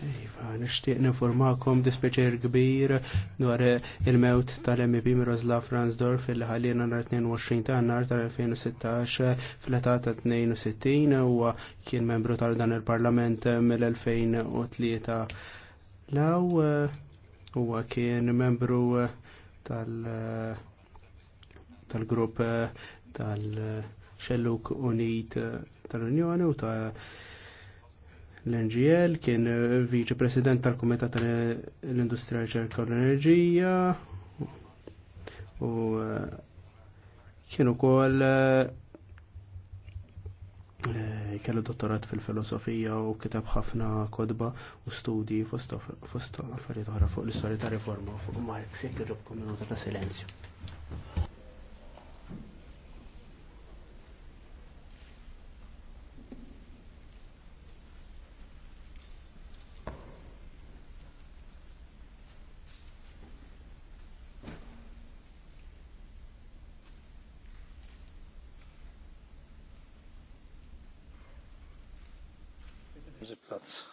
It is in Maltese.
Iva, nishtiq informakom dispeċer kbir dwar il-mewt tal-MP Miroslav Ransdorf il-ħalina nar 22 ta' nar tal-2016 fl-età ta' 62 u kien membru tal dan il-parlament mill-2003. Law huwa kien membru tal- grupp tal-Xelluk Unit tal-Unjoni u ta' l-NGL, kien eh, vice president tal-Komitat tal-Industrija Riċerka l-Enerġija u eh, kien ukoll eh, kellu dottorat fil-filosofija u kitab ħafna kodba u studji fost affarijiet oħra fuq l-istorja ta' riforma fuq Marx, jekk iġobkom minuta ta' silenzju. Platz.